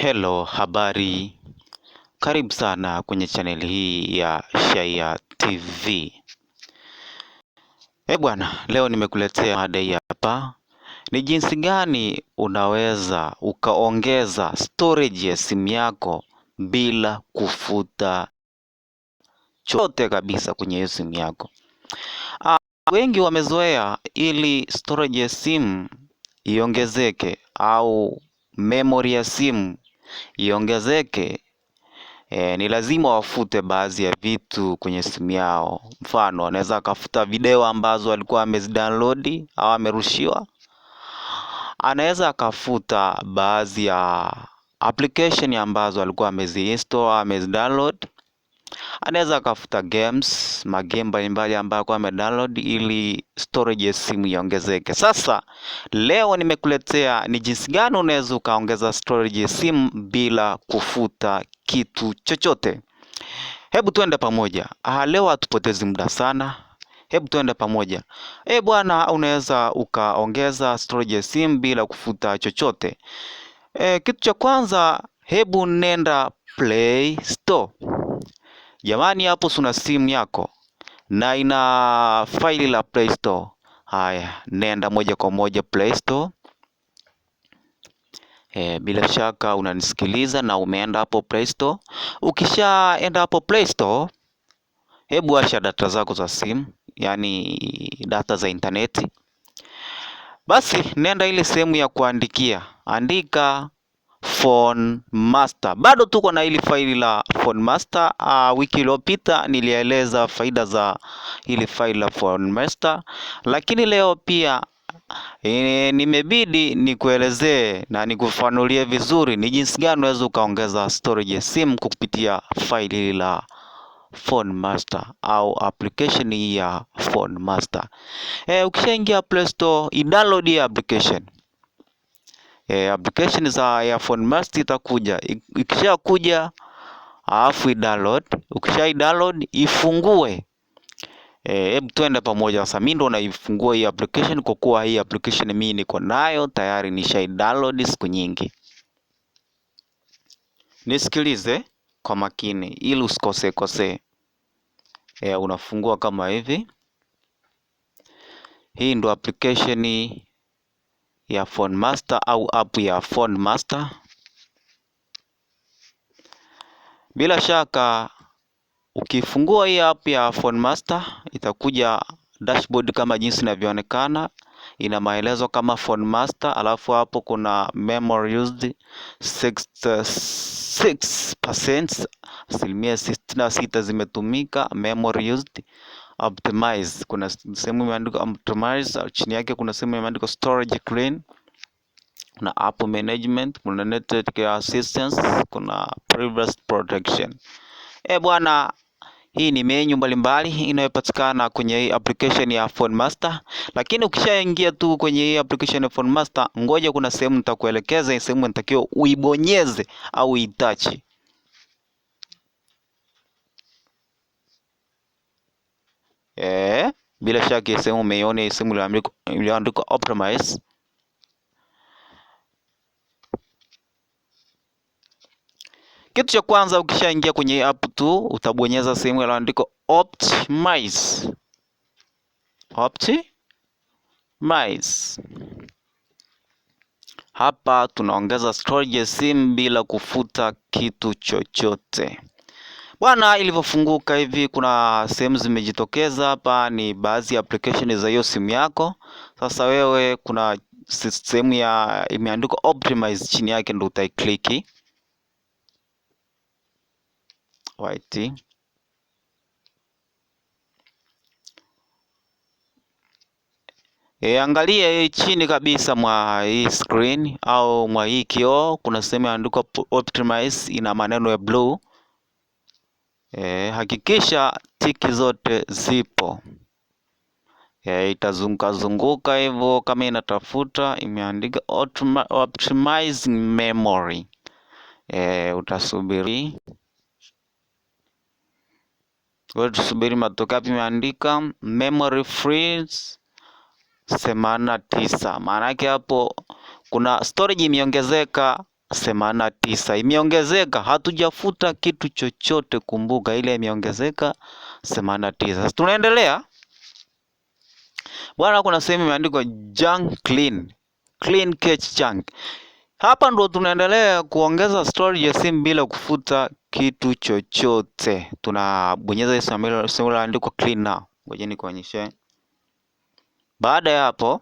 Hello, habari. Karibu sana kwenye chaneli hii ya Shayia TV. Eh bwana, leo nimekuletea mada hapa, ni jinsi gani unaweza ukaongeza storage ya simu yako bila kufuta chote kabisa kwenye hiyo simu yako. Ah, wengi wamezoea ili storage ya simu iongezeke au memory ya simu iongezeke eh, ni lazima wafute baadhi ya vitu kwenye simu yao. Mfano anaweza akafuta video ambazo alikuwa amezidownload au amerushiwa. Anaweza akafuta baadhi ya application ambazo alikuwa ameziinstall, amezidownload anaweza akafuta games magame mbalimbali ambayo kwa amedownload ili storage ya simu iongezeke. Sasa leo nimekuletea ni jinsi gani unaweza ukaongeza storage ya simu bila kufuta kitu chochote. Hebu tuende pamoja. Ah, leo hatupotezi muda sana. Hebu tuende pamoja. Eh bwana, unaweza ukaongeza storage ya simu bila kufuta chochote. E, kitu cha kwanza, hebu nenda Play Store. Jamani, hapo suna simu yako na ina faili la Play Store. Haya, nenda moja kwa moja Play Store. E, bila shaka unanisikiliza na umeenda hapo Play Store. Ukishaenda hapo Play Store, hebu asha data zako za simu, yaani data za intaneti. Basi nenda ile sehemu ya kuandikia, andika Phone Master. Bado tuko na hili faili la Phone Master. Uh, wiki iliyopita nilieleza faida za hili faili la Phone Master, lakini leo pia E, nimebidi nikuelezee na nikufanulie vizuri ni jinsi gani unaweza ukaongeza storage ya simu kupitia faili hili la Phone Master au application hii ya Phone Master. E, ukishaingia Play Store, i-download application e, application za earphone must itakuja. Ikishakuja alafu i-download, ukisha i-download ifungue. E, hebu twende pamoja sasa. Mimi ndo naifungua hii application kwa kuwa hii application mimi niko nayo tayari, nishai download siku nyingi. Nisikilize kwa makini ili usikose kose. E, unafungua kama hivi. Hii ndo application ya Phone Master au app ya Phone Master. Bila shaka ukifungua hii app ya Phone Master itakuja dashboard kama jinsi inavyoonekana, ina maelezo kama Phone Master, alafu hapo kuna memory used 66%, asilimia sitini zimetumika memory used optimize. Kuna sehemu imeandikwa optimize, chini yake kuna sehemu imeandikwa storage clean, kuna app management, kuna network assistance, kuna privacy protection. Eh bwana, hii ni menu mbalimbali inayopatikana kwenye hii application ya Phone Master, lakini ukishaingia tu kwenye hii application ya Phone Master, ngoja kuna sehemu nitakuelekeza, sehemu nitakiwa uibonyeze au uitachi. Bila shaka sehemu umeiona hii simu iliyoandikwa Optimize. Kitu cha kwanza ukishaingia kwenye app tu utabonyeza sehemu iliyoandikwa Optimize. Optimize. Hapa tunaongeza storage ya simu bila kufuta kitu chochote. Bwana, ilivyofunguka hivi, kuna sehemu zimejitokeza hapa, ni baadhi ya application za hiyo simu yako. Sasa wewe, kuna sehemu ya imeandikwa optimize, chini yake ndo utaikliki White. E, eh, angalia chini kabisa mwa hii screen au mwa hii kioo, kuna sehemu imeandikwa optimize, ina maneno ya blue e, hakikisha tiki zote zipo e, zunguka hivyo kama inatafuta imeandika optimizing memory e, utasubiri wewe tusubiri matokeo hapo, imeandika memory freeze themanini na tisa. Maana yake hapo kuna storage imeongezeka themanini tisa imeongezeka, hatujafuta kitu chochote. Kumbuka ile imeongezeka themanini tisa. Tunaendelea bwana, kuna sehemu imeandikwa junk clean clean catch junk. Hapa ndo tunaendelea kuongeza storage ya simu bila kufuta kitu chochote. Tunabonyeza hii sehemu iliyoandikwa clean now, ngoja nikuonyeshe. Baada ya hapo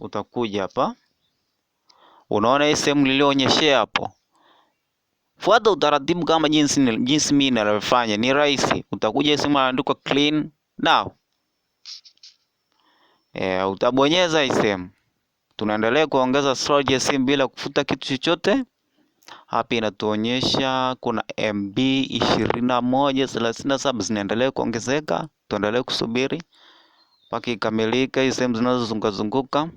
utakuja hapa Unaona hii sehemu nilionyeshea hapo, fuata utaratibu kama jinsi jinsi mimi ninavyofanya, ni rahisi. Utakuja sehemu inaandikwa clean now e, utabonyeza hii sehemu. Tunaendelea kuongeza storage ya simu bila kufuta kitu chochote. Hapa inatuonyesha kuna MB ishirini na zinaendelea kuongezeka. Tuendelee kusubiri mpaka ikamilika hii sehemu zinazozunguka zunguka.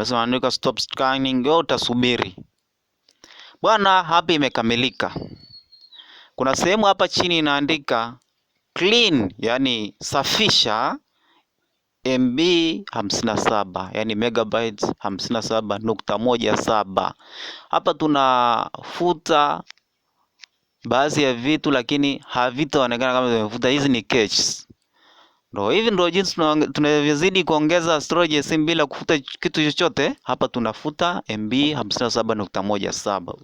Unasema andika stop scanning, wewe utasubiri. Bwana, hapa imekamilika. Kuna sehemu hapa chini inaandika clean, yani safisha MB 57 yani megabytes 57 nukta moja saba. Hapa tunafuta baadhi ya vitu, lakini havitaonekana kama zimefuta. Hizi ni caches. Ndo hivi ndo jinsi tunavyozidi kuongeza storage ya simu bila kufuta kitu chochote. Hapa tunafuta MB 57.17.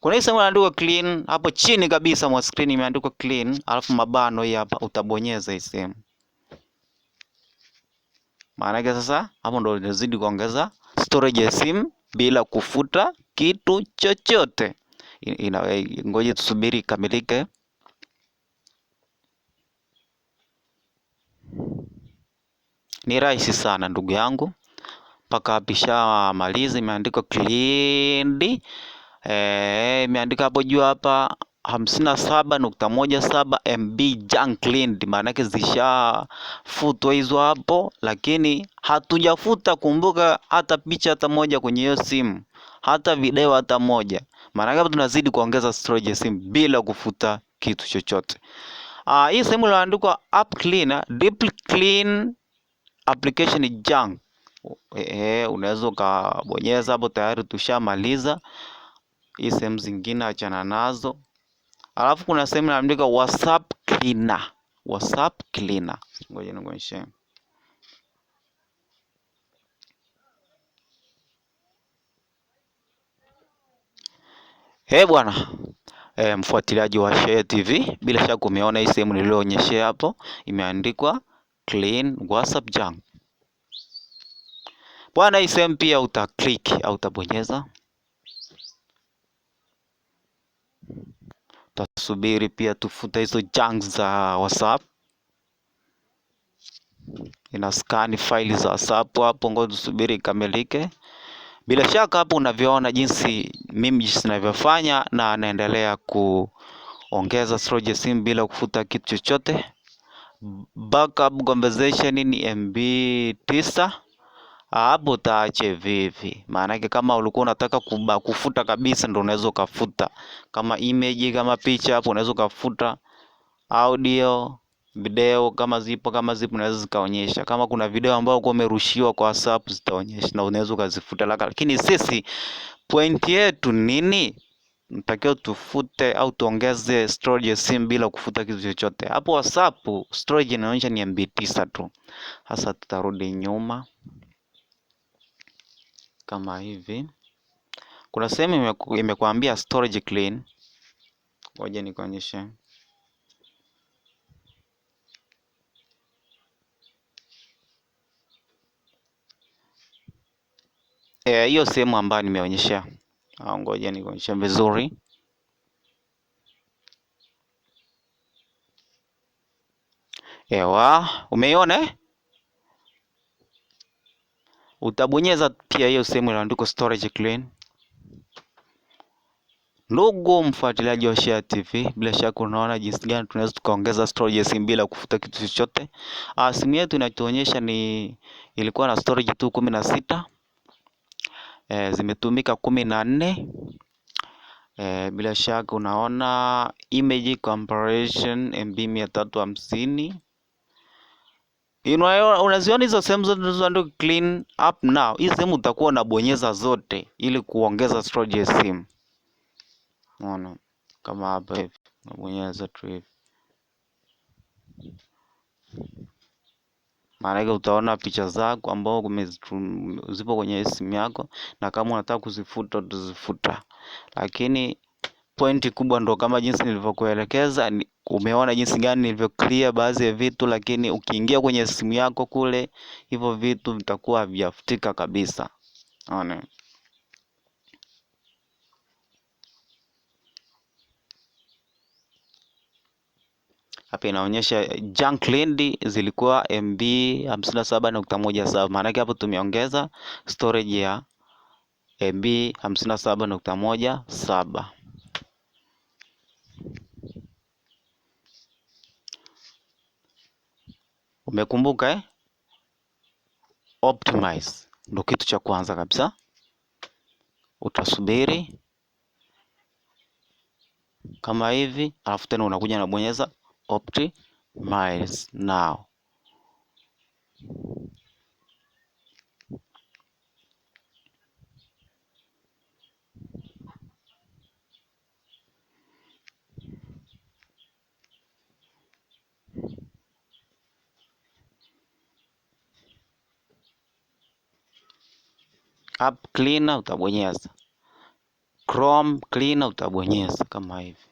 Kuna hii sehemu inaandikwa clean, hapo chini kabisa mwa screen imeandikwa clean, alafu mabano hii hapa utabonyeza hii sehemu. Maana yake sasa hapo ndo tunazidi kuongeza storage ya simu bila kufuta kitu chochote. Ngoje tusubiri ikamilike. Ni rahisi sana ndugu yangu. Mpaka hapa malizi imeandikwa clean. Eh, imeandika hapo juu hapa hamsini na saba nukta moja saba MB junk cleaned, maanake zishafutwa hizo hapo, lakini hatujafuta kumbuka, hata picha hata moja kwenye hiyo simu, hata video hata moja. Maana yake tunazidi kuongeza storage ya simu bila kufuta kitu chochote. Ah, hii sehemu iliyoandikwa up cleaner deep clean application junk Eh, unaweza ukabonyeza hapo, tayari tushamaliza. Hii sehemu zingine achana nazo, alafu kuna sehemu inaandika WhatsApp cleaner. WhatsApp cleaner, ngoja nikuonyeshe Hey, bwana e, mfuatiliaji wa Shayia TV, bila shaka umeona hii sehemu niliyoonyeshea hapo imeandikwa clean whatsapp junk. Bwana, hii sehemu pia uta click au utabonyeza, tasubiri pia tufuta hizo junk za whatsapp. Ina scan faili za whatsapp hapo, ngoja tusubiri ikamilike. Bila shaka hapo unavyoona jinsi mimi jinsi ninavyofanya, na anaendelea kuongeza storage simu bila kufuta kitu chochote backup conversation ni MB 9 hapo utaache vivi, maanake kama ulikuwa unataka kuba, kufuta kabisa ndo unaweza ukafuta, kama image kama picha hapo unaweza ukafuta, audio video kama zipo, kama zipo unaweza zikaonyesha, kama kuna video ambayo kwa umerushiwa kwa WhatsApp zitaonyesha na unaweza ukazifuta, lakini sisi pointi yetu nini? natakiwa tufute au tuongeze storage sim bila kufuta kitu chochote. Hapo WhatsApp storage inaonyesha ni MB tisa tu. Sasa tutarudi nyuma kama hivi. Kuna sehemu imekuambia storage clean, ngoja nikuonyeshe. Eh, hiyo sehemu ambayo nimeonyesha au ah, ngoja nikuonyeshe vizuri. Ewa, umeiona eh? Utabonyeza pia hiyo sehemu iliyoandikwa storage clean. Ndugu mfuatiliaji wa Shayia TV, bila shaka unaona jinsi gani tunaweza tukaongeza storage ya simu bila kufuta kitu chochote. Ah, simu yetu inatuonyesha ni ilikuwa na storage tu kumi na sita e, zimetumika kumi na nne. E, Bila shaka unaona image comparison MB mia tatu hamsini. Unaziona hizo sehemu zote clean up now. Hii sehemu utakuwa unabonyeza zote ili kuongeza storage ya simu. Unaona kama hapa hivi unabonyeza tu hivi maanake utaona picha zako ambao zipo kwenye simu yako na kama unataka kuzifuta utazifuta lakini pointi kubwa ndo kama jinsi nilivyokuelekeza umeona jinsi gani nilivyo clear baadhi ya vitu lakini ukiingia kwenye simu yako kule hivyo vitu vitakuwa havijafutika kabisa One. Hapa inaonyesha eh, Junkland zilikuwa MB 57.17, maana hapo tumeongeza storage ya MB 57.17. Umekumbuka eh? Optimize ndo kitu cha kwanza kabisa, utasubiri kama hivi, alafu tena unakuja unabonyeza optimize now app cleaner utabonyeza Chrome cleaner utabonyeza kama hivi.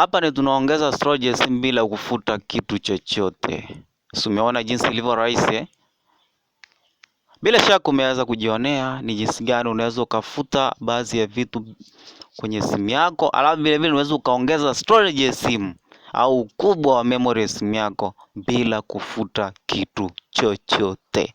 Hapa ni tunaongeza stroges bila kufuta kitu chochote. Si umeona jinsi ilivyo rahisi? Eh? Bila shaka umeweza kujionea ni jinsi gani unaweza ukafuta baadhi ya vitu kwenye simu yako, alafu vile vile unaweza ukaongeza storage ya simu au ukubwa wa memory ya simu yako bila kufuta kitu chochote.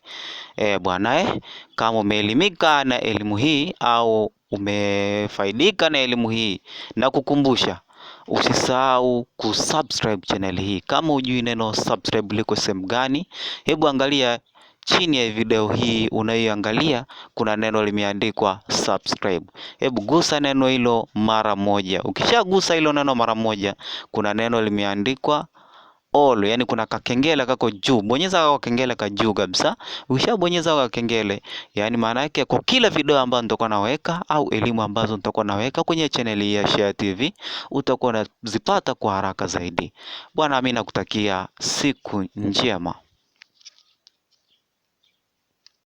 E, bwana eh, kama umeelimika na elimu hii au umefaidika na elimu hii, na kukumbusha Usisahau kusubscribe channel hii. Kama hujui neno subscribe liko sehemu gani, hebu angalia chini ya video hii unayoangalia, kuna neno limeandikwa subscribe. Hebu gusa neno hilo mara moja. Ukishagusa hilo neno mara moja, kuna neno limeandikwa all, yani kuna kakengele kako juu. Bonyeza kwa kakengele ka juu kabisa. Ukishabonyeza kwa kakengele, yani maana yake kwa kila video ambayo nitakuwa naweka au elimu ambazo nitakuwa naweka kwenye channel hii ya Shayia TV utakuwa unazipata kwa haraka zaidi. Bwana, mimi nakutakia siku njema.